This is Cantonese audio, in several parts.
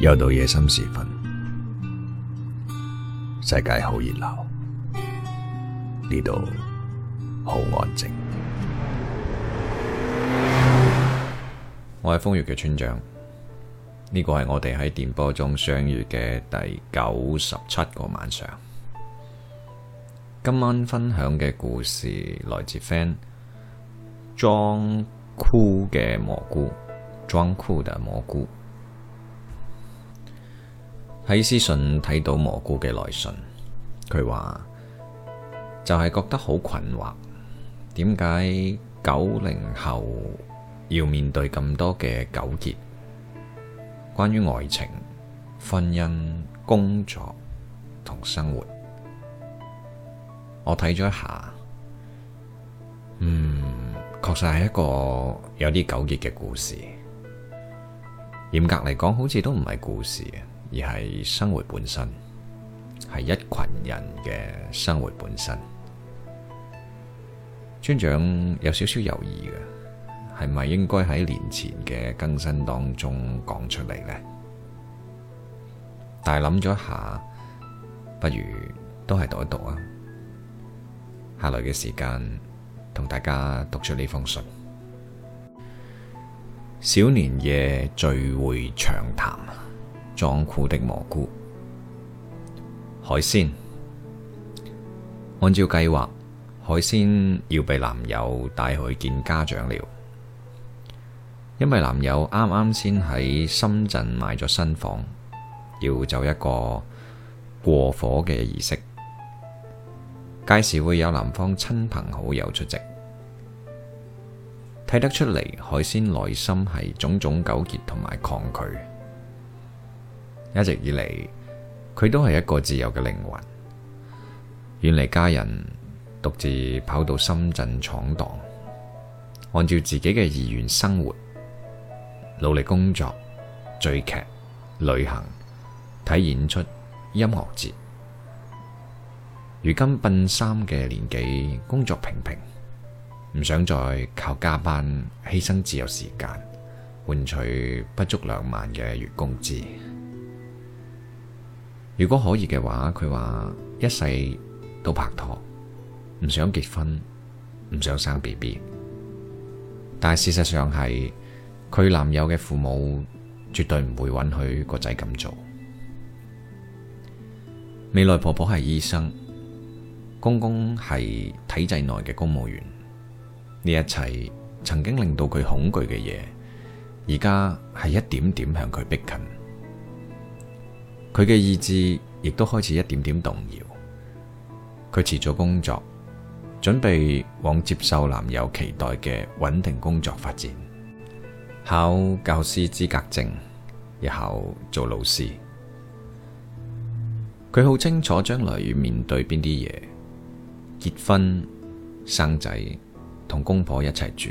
又到夜深時分，世界好熱鬧，呢度好安靜。我係瘋粵嘅村長，呢個係我哋喺電波中相遇嘅第九十七個晚上。今晚分享嘅故事來自 friend，裝酷嘅蘑菇，裝酷嘅蘑菇。喺私信睇到蘑菇嘅來信，佢話就係覺得好困惑，點解九零後要面對咁多嘅糾結？關於愛情、婚姻、工作同生活，我睇咗一下，嗯，確實係一個有啲糾結嘅故事。嚴格嚟講，好似都唔係故事啊。而係生活本身，係一群人嘅生活本身。村長有少少猶豫嘅，係咪應該喺年前嘅更新當中講出嚟呢？但係諗咗一下，不如都係讀一讀啊！下來嘅時間，同大家讀出呢封信。小年夜聚會暢談。裝酷的蘑菇。海鮮，按照計劃，海鮮要被男友帶去見家長了。因為男友啱啱先喺深圳買咗新房，要走一個過火嘅儀式，屆時會有男方親朋好友出席。睇得出嚟，海鮮內心係種種糾結同埋抗拒。一直以嚟，佢都係一個自由嘅靈魂，遠離家人，獨自跑到深圳闖蕩，按照自己嘅意願生活，努力工作、追劇、旅行、睇演出、音樂節。如今，奔三嘅年紀，工作平平，唔想再靠加班犧牲自由時間，換取不足兩萬嘅月工資。如果可以嘅話，佢話一世都拍拖，唔想結婚，唔想生 BB。但係事實上係佢男友嘅父母絕對唔會允許個仔咁做。未來婆婆係醫生，公公係體制內嘅公務員，呢一切曾經令到佢恐懼嘅嘢，而家係一點點向佢逼近。佢嘅意志亦都開始一點點動搖，佢辭咗工作，準備往接受男友期待嘅穩定工作發展，考教師資格證，日後做老師。佢好清楚將來要面對邊啲嘢，結婚、生仔、同公婆一齊住、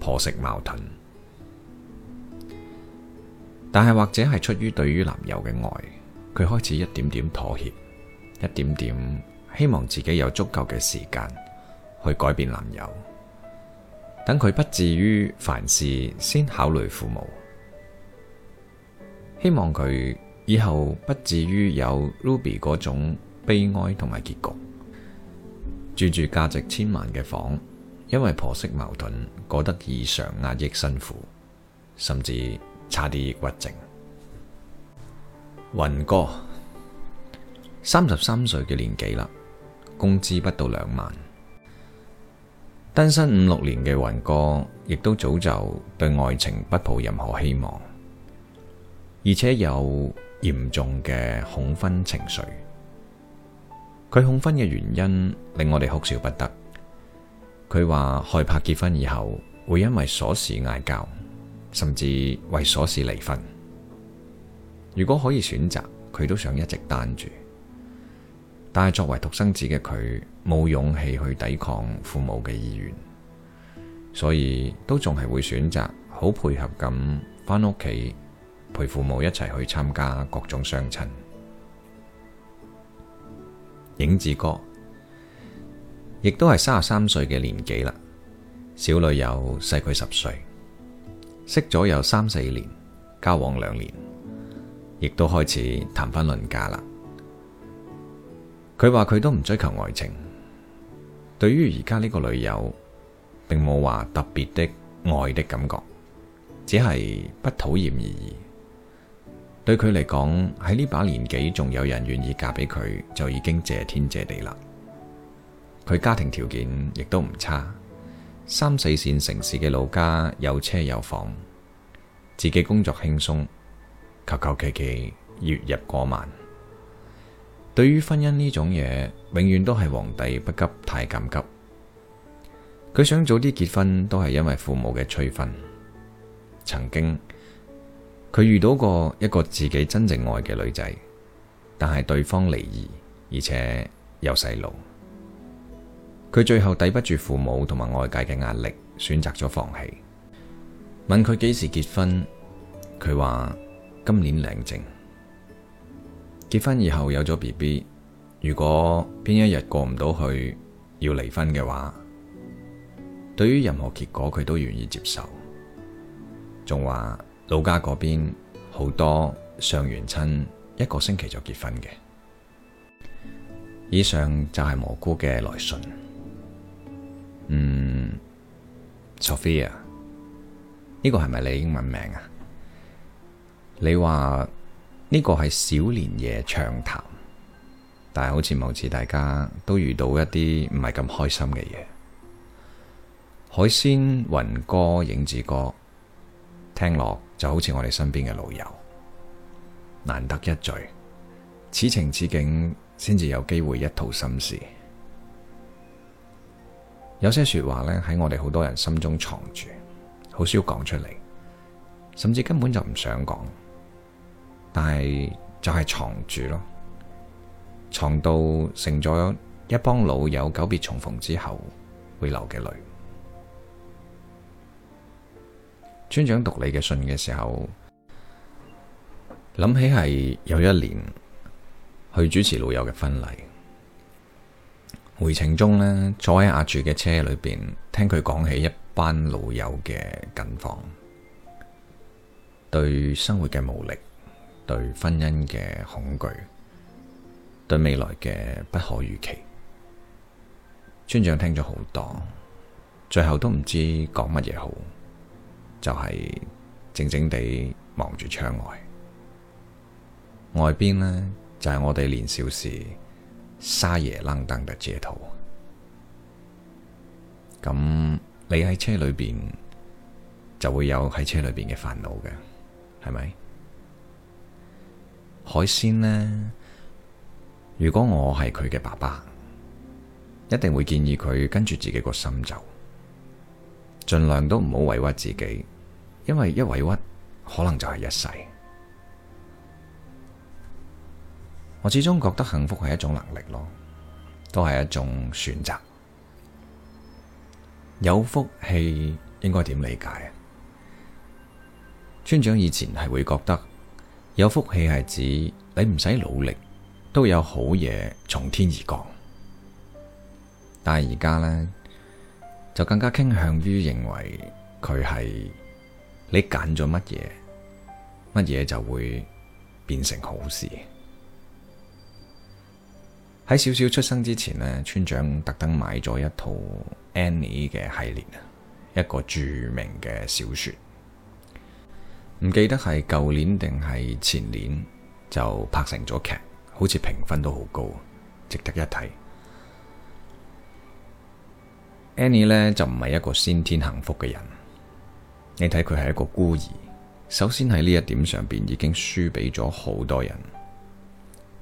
婆媳矛盾。但係或者係出於對於男友嘅愛，佢開始一點點妥協，一點點希望自己有足夠嘅時間去改變男友，等佢不至於凡事先考慮父母，希望佢以後不至於有 Ruby 嗰種悲哀同埋結局，住住價值千萬嘅房，因為婆媳矛盾過得異常壓抑辛苦，甚至。差啲抑鬱症。雲哥三十三歲嘅年紀啦，工資不到兩萬，單身五六年嘅雲哥，亦都早就對愛情不抱任何希望，而且有嚴重嘅恐婚情緒。佢恐婚嘅原因令我哋哭笑不得。佢話害怕結婚以後會因為瑣事嗌交。甚至為瑣事離婚。如果可以選擇，佢都想一直單住。但係作為獨生子嘅佢，冇勇氣去抵抗父母嘅意願，所以都仲係會選擇好配合咁翻屋企陪父母一齊去參加各種相親。影子哥亦都係三十三歲嘅年紀啦，小女友細佢十歲。識咗有三四年，交往兩年，亦都開始談婚論嫁啦。佢話佢都唔追求愛情，對於而家呢個女友，並冇話特別的愛的感覺，只係不討厭而已。對佢嚟講，喺呢把年紀，仲有人願意嫁俾佢，就已經謝天謝地啦。佢家庭條件亦都唔差。三四綫城市嘅老家有車有房，自己工作輕鬆，求求其其月入過萬。對於婚姻呢種嘢，永遠都係皇帝不急太監急。佢想早啲結婚，都係因為父母嘅催婚。曾經佢遇到過一個自己真正愛嘅女仔，但係對方離異，而且有細路。佢最後抵不住父母同埋外界嘅壓力，選擇咗放棄。問佢幾時結婚，佢話今年領證。結婚以後有咗 BB，如果邊一日過唔到去要離婚嘅話，對於任何結果佢都願意接受。仲話老家嗰邊好多相完親，一個星期就結婚嘅。以上就係蘑菇嘅來信。嗯，Sophia，呢個係咪你英文名啊？你話呢個係小年夜暢談，但係好似貌似大家都遇到一啲唔係咁開心嘅嘢。海鮮、云哥、影子哥，聽落就好似我哋身邊嘅老友，難得一聚，此情此景先至有機會一吐心事。有些說話咧喺我哋好多人心中藏住，好少講出嚟，甚至根本就唔想講，但係就係藏住咯，藏到成咗一幫老友久別重逢之後會流嘅淚。村長讀你嘅信嘅時候，諗起係有一年去主持老友嘅婚禮。回程中呢，坐喺阿柱嘅車裏邊，聽佢講起一班老友嘅近況，對生活嘅無力，對婚姻嘅恐懼，對未來嘅不可預期。村長聽咗好多，最後都唔知講乜嘢好，就係靜靜地望住窗外，外邊呢，就係、是、我哋年少時。撒野浪蕩的街頭，咁你喺車裏邊就會有喺車裏邊嘅煩惱嘅，係咪？海鮮呢，如果我係佢嘅爸爸，一定會建議佢跟住自己個心走，儘量都唔好委屈自己，因為一委屈可能就係一世。我始終覺得幸福係一種能力咯，都係一種選擇。有福氣應該點理解啊？村長以前係會覺得有福氣係指你唔使努力都有好嘢從天而降，但係而家呢，就更加傾向於認為佢係你揀咗乜嘢，乜嘢就會變成好事。喺小小出生之前呢，村長特登買咗一套 Annie 嘅系列，一個著名嘅小說，唔記得係舊年定係前年就拍成咗劇，好似評分都好高，值得一睇。Annie 呢就唔係一個先天幸福嘅人，你睇佢係一個孤兒，首先喺呢一點上邊已經輸俾咗好多人。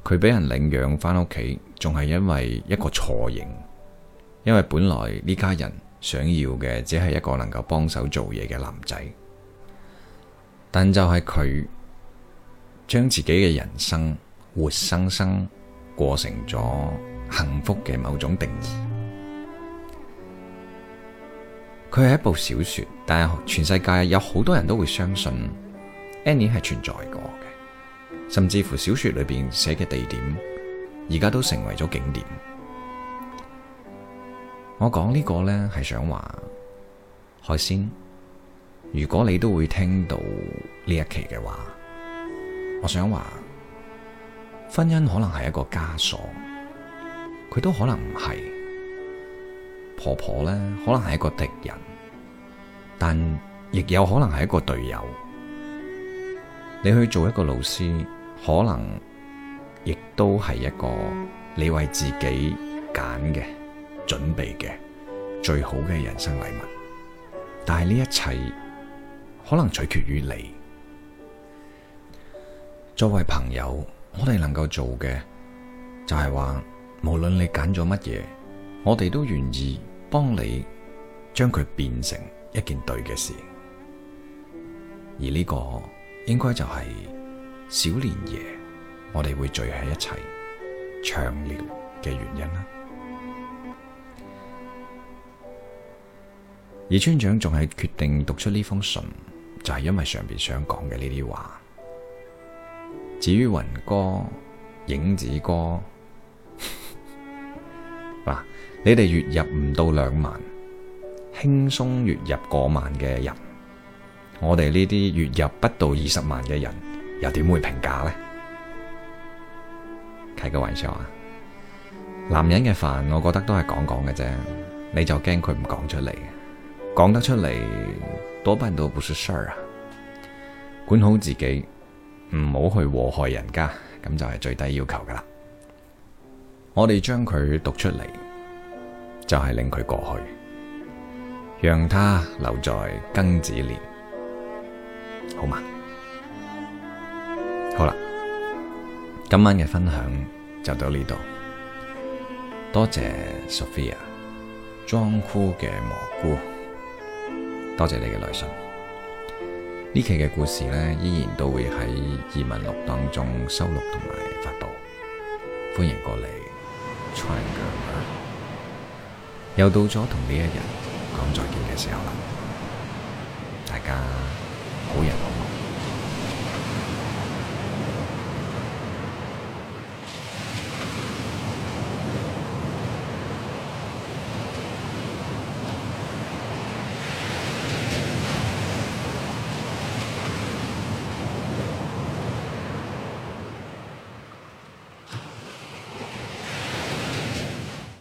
佢俾人領養翻屋企，仲係因為一個錯認，因為本來呢家人想要嘅只係一個能夠幫手做嘢嘅男仔，但就係佢將自己嘅人生活生生過成咗幸福嘅某種定義。佢係一部小說，但係全世界有好多人都會相信 Annie 係存在過。甚至乎小說裏邊寫嘅地點，而家都成為咗景點。我講呢個呢，係想話，海鮮，如果你都會聽到呢一期嘅話，我想話，婚姻可能係一個枷鎖，佢都可能唔係。婆婆呢，可能係一個敵人，但亦有可能係一個隊友。你去做一個老師。可能亦都係一個你為自己揀嘅準備嘅最好嘅人生禮物，但係呢一切可能取決於你。作為朋友，我哋能夠做嘅就係話，無論你揀咗乜嘢，我哋都願意幫你將佢變成一件對嘅事。而呢個應該就係、是。小年夜，我哋會聚喺一齊暢聊嘅原因啦。而村長仲係決定讀出呢封信，就係因為上面想講嘅呢啲話。至於雲哥、影子哥嗱， 你哋月入唔到兩萬，輕鬆月入過萬嘅人，我哋呢啲月入不到二十萬嘅人。又點會評價呢？開個玩笑啊！男人嘅煩，我覺得都係講講嘅啫，你就驚佢唔講出嚟，講得出嚟多半都不是事啊！管好自己，唔好去禍害人家，咁就係最低要求噶啦。我哋將佢讀出嚟，就係令佢過去，讓他留在庚子年，好嘛？好啦，今晚嘅分享就到呢度，多謝 Sophia 裝酷嘅蘑菇，多謝你嘅來信。呢期嘅故事呢，依然都會喺《異聞錄》當中收錄同埋發佈，歡迎過嚟。Trigger 又到咗同呢一日講再見嘅時候啦，大家。